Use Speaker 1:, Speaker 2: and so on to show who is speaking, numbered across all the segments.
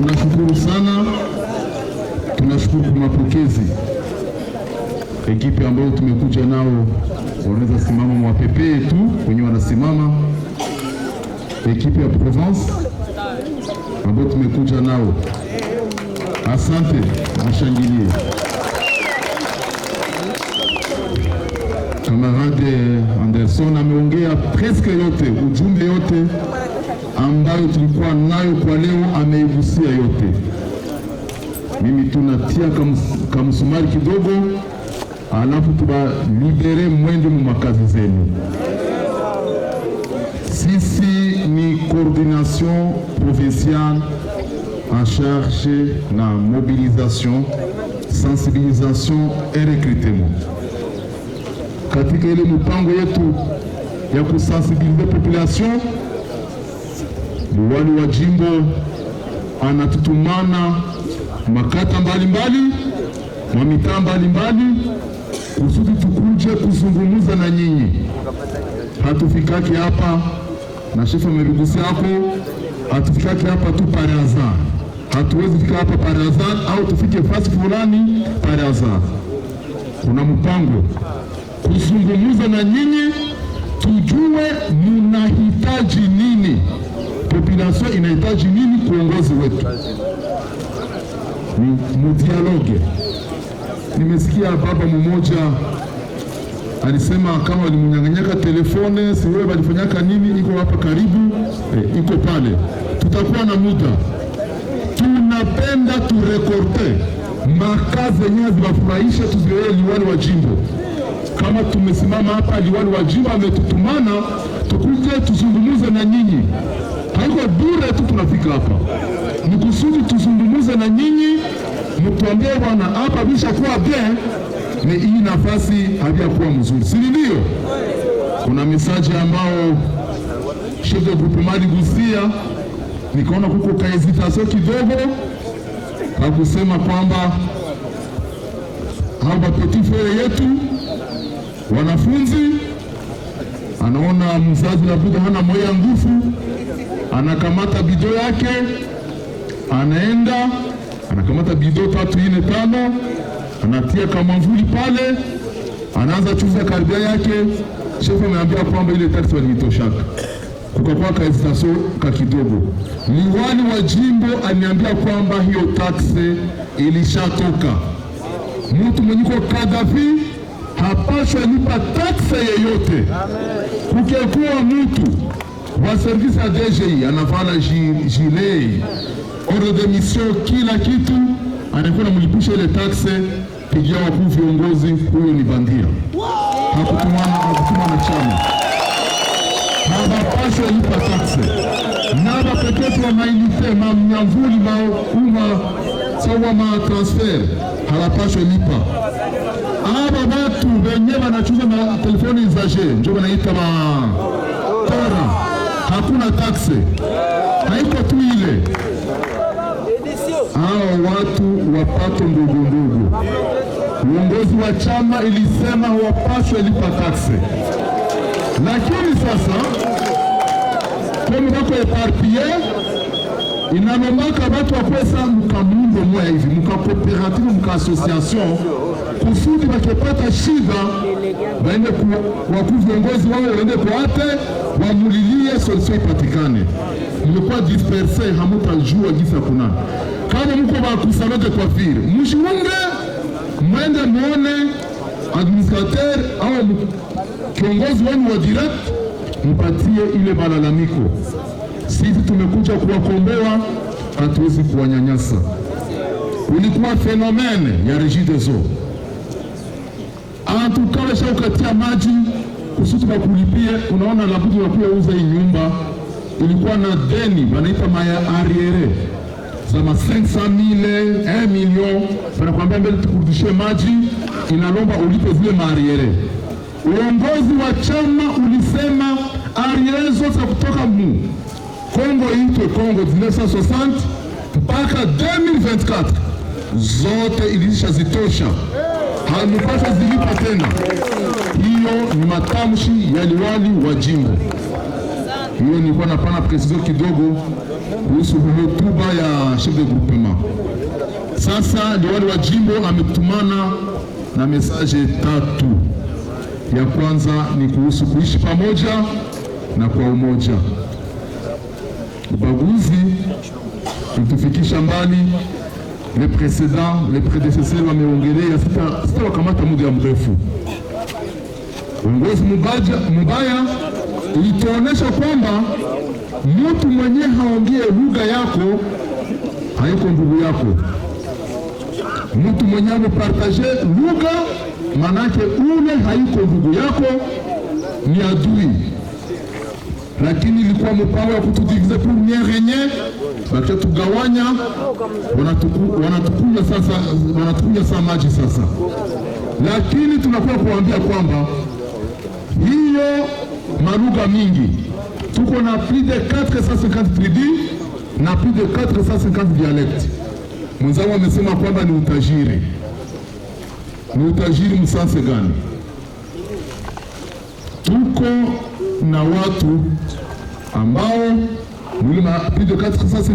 Speaker 1: Tunashukuru sana, tunashukuru kwa mapokezi. Ekipi ambayo tumekuja nao wanaweza simama mwapepee tu wenye wanasimama ekipi ya Provence ambayo tumekuja nao. Asante, washangilie kamarade Anderson ameongea presque yote, ujumbe yote ambayo tulikuwa nayo kwa leo ameivusia yote. Mimi tunatia kamsumari kidogo, alafu tubalibere mwende mu makazi zenu. Sisi ni coordination provinciale en charge na mobilisation, sensibilisation et recrutement. Katika ile mpango yetu ya kusensibilize population Liwali wa jimbo anatutumana makata mbalimbali na mitaa mbalimbali kusudi tukuje kuzungumza na nyinyi. Hatufikaki hapa na shefu amerugusi hapo, hatufikaki hapa tu paraza, hatuwezi fika hapa paraza au tufike fasi fulani paraza. Kuna mpango kuzungumza na nyinyi, tujue munahitaji nini population inahitaji nini kuongozi wetu mudialoge. Nimesikia baba mmoja alisema kama walimunyang'anyaka telefone siwe walifanyaka nini, iko hapa karibu e, iko pale. Tutakuwa na muda, tunapenda turekorte makazi yenyewe zibafurahishe, tuziwee liwali wa jimbo. Kama tumesimama hapa, liwali wa jimbo ametutumana tukuje tuzungumuze na nyinyi haiko bure tu tunafika hapa, ni kusudi tuzungumuze na nyinyi, mtuambie bwana, hapa bishakuwa bien, ni hii nafasi hajakuwa mzuri, si ndio? Kuna mesaje ambao chef de groupement gusia, nikaona kuko kaezitaso kidogo na kusema kwamba hapa petit frere yetu wanafunzi anaona mzazi labda hana moyo ya nguvu anakamata bido yake anaenda anakamata bido tatu ine tano anatia kamamvuli pale, anaanza chuza karibia yake. Shefu ameambia kwamba ile taksi walitoshaka kukakuwa kaestaso ka kidogo. Liwali wa jimbo aniambia kwamba hiyo taksi ilishatoka. Mtu mwenye kwa Kadafi hapashwa lipa taksi yeyote, kukekuwa mtu wa service ya DGI anavana jile ordre de mission, kila kitu anakuwa namlipisha ile taxe. Pigia wakuu viongozi, huyo ni bandia, hakutuma na chama, habapaswa lipa taxe na bapeketi wa mailite mamnyamvuli mauma sawa matransfer halapashwe lipa. Aba batu benye banachuza na telefoni zaje njo banaita ma hakuna taksi, haiko tu ile hao watu wapato ndugu ndugu. Uongozi wa chama ilisema hawapaswe lipa taksi, lakini sasa komikako eparpie inalombaka batu wa pesa mukamundo moya hivi mukakooperative mukaasosiation kusudi wakipata shida waende wakuu viongozi wao waende kuate wamulilie solution ipatikane. Mlikuwa disperse hamutajua ya kuna kama mko bakusanoke kwa vile mshunge mwende mwone administrateur au kiongozi wenu wa direct mpatie ile malalamiko. Sisi tumekuja kuwakomboa, hatuwezi kuwanyanyasa. Kulikuwa fenomene ya regideso anatukaesha ukatia maji kusuti kulipia, Unaona, labuti uza hii nyumba ilikuwa na deni wanaita maya arriere sama 500,000 eh, 1 milioni, banakwambia mbele tukurudishie maji, inalomba ulipe zile maariere. Uongozi wa chama ulisema ariere zote za kutoka mu Kongo itwe Kongo 1960 mpaka 2024 zote ilishazitosha haimupasa zilipo tena. Hiyo ni matamshi ya liwali wa jimbo. Hiyo nilikuwa napana presizo kidogo kuhusu hotuba ya chef de groupement. Sasa liwali wa jimbo ametumana na mesaje tatu. Ya kwanza ni kuhusu kuishi pamoja na kwa umoja. Ubaguzi ulitufikisha mbali le précédent le predecesseur wameongelea. Sasa sasa wakamata muda mrefu. Uongozi mubaya itaonesha kwamba mtu mwenye haongee lugha yako haiko ndugu yako. Mtu mwenye amepartaje lugha, manake ule haiko ndugu yako, ni adui lakini ilikuwa mpango ya kutujiviza premiere yenye watatugawanya, wanatukunya sasa, wanatukunya saa maji sasa, lakini tunakuwa kuambia kwamba hiyo malugha mingi tuko na plus de 450 tribus na plus de 450 dialect Mwenzangu amesema kwamba ni utajiri, ni utajiri msase gani tuko na watu ambao mlima pigo katika sasa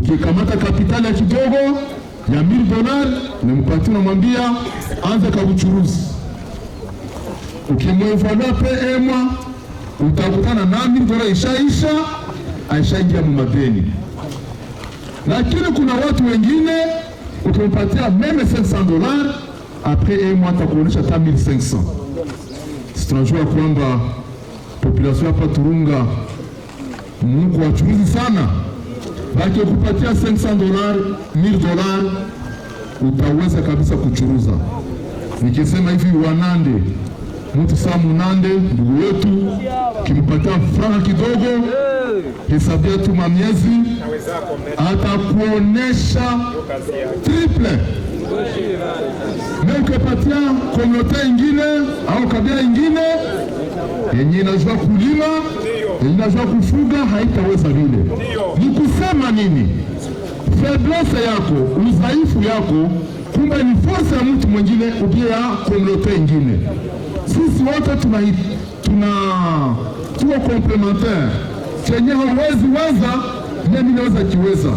Speaker 1: ukikamata kapitali ya kidogo ya mil dollars na mpati unamwambia anza kabuchuruzi, ukimwevalua pema utakutana na mil dollars ishaisha, aishaingia mumadeni. Lakini kuna watu wengine ukimpatia meme 500 dollars apres un mois atakuonesha hata 1500 tunajua kwamba populasion hapa Turunga mko wachuruzi sana, baki ukupatia 500 dolar 1000 dolar utaweza kabisa kuchuruza. Nikisema hivi, wanande mtu saa munande, ndugu wetu kimpatia franga kidogo, hesabia tu mamiezi atakuonesha triple na patia komunote ingine au kabila ingine yenye inajua kulima yenye inajua kufuga haitaweza vile. Ni kusema nini? Faiblesse yako udhaifu yako kumbe ni fursa ya mtu mwingine upia ya komunote ingine. Sisi wote tuna, tuna tuko komplementaire, chenye hauwezi weza nami naweza kiweza,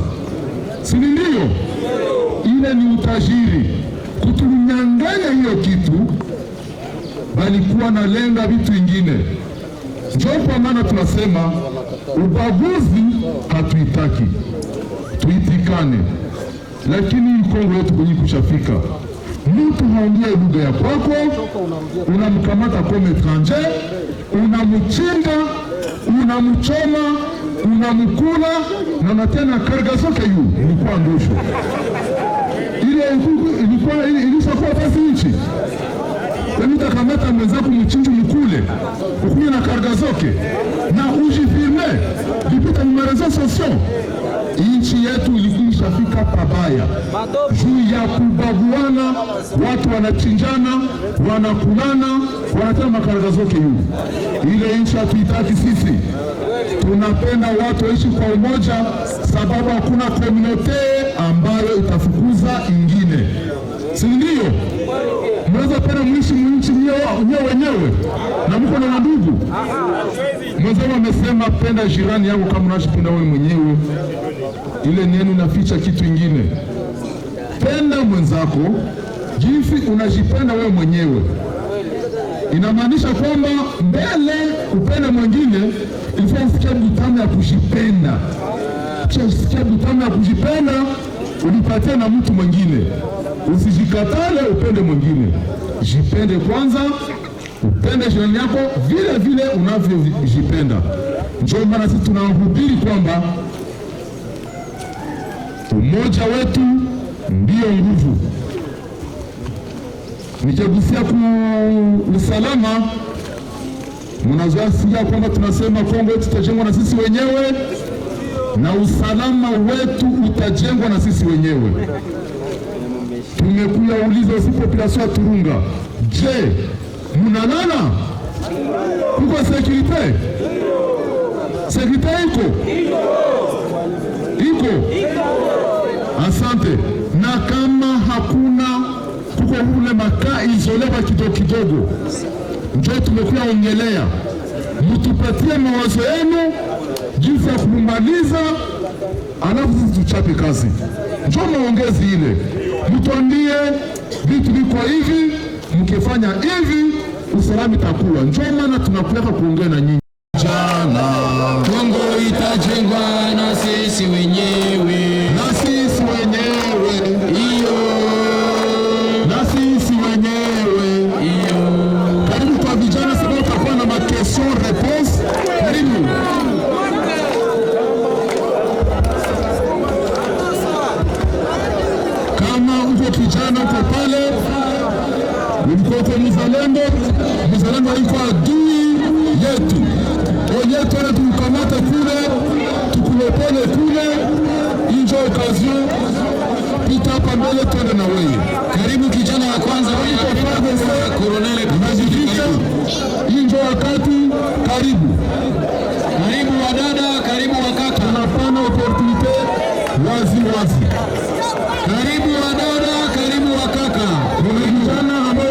Speaker 1: si ndio? ile ni utajiri kutunyang'anya hiyo kitu, bali kuwa na lenga vitu ingine. Ndio kwa maana tunasema ubaguzi hatuitaki, tuitikane. Lakini Kongo yetu kwenye kushafika, mtu haongee lugha ya kwako, unamkamata kome etranger, unamchinga, unamchoma, unamkula na natena kargasoke yu ilikuwa ndosho ilishakuwa fasi nchi kwani kamata mwenzako mchinju mkule ukuye na karga zoke na ujifirme vipita mu marezo sosio nchi yetu ilikuishafika pabaya juu ya kubaguana, watu wanachinjana, wanakulana, wanatema makaraka zote hivi. Ile nchi hatuitaki sisi, tunapenda watu waishi kwa umoja, sababu hakuna komunote ambayo itafukuza ingine, si ndio? mnaweza penda mwishi nyewe wenyewe na mko na ndugu Mwenzangu amesema penda jirani yako kama unajipenda wewe mwenyewe. Ile neno inaficha kitu ingine. Penda mwenzako jinsi unajipenda wewe mwenyewe, inamaanisha kwamba mbele kupenda mwingine ilifaa usikia butama ya kujipenda, sikia usikia ya kujipenda ulipatia na mtu mwingine. Usijikatale upende mwingine, jipende kwanza, upende jirani yako vile vile unavyojipenda. Ndio maana sisi tunahubiri kwamba umoja wetu ndiyo nguvu. Nikigusia ku usalama, mnazoasikia kwamba tunasema Kongo yetu tutajengwa na sisi wenyewe na usalama wetu utajengwa na sisi wenyewe tumekuya uliza si population ya Turunga, je, munalala kuko sekurite? Sekurite iko iko, asante. Na kama hakuna kuko ule makaa izolewa kidogo kidogo, njo tumekuya ongelea mutupatie mawazo yenu jinsi ya kumumaliza, alafu sisi tuchape kazi, njo maongezi ile mtuambie vitu viko hivi, mkifanya hivi usalama itakuwa. Ndio maana tunapeleka kuongea na nyinyi
Speaker 2: jana, Kongo itajengwa na sisi wenyewe. pamoja, tuende na wewe. Karibu kijana wa kwanza Koronele, hii ndio wakati, karibu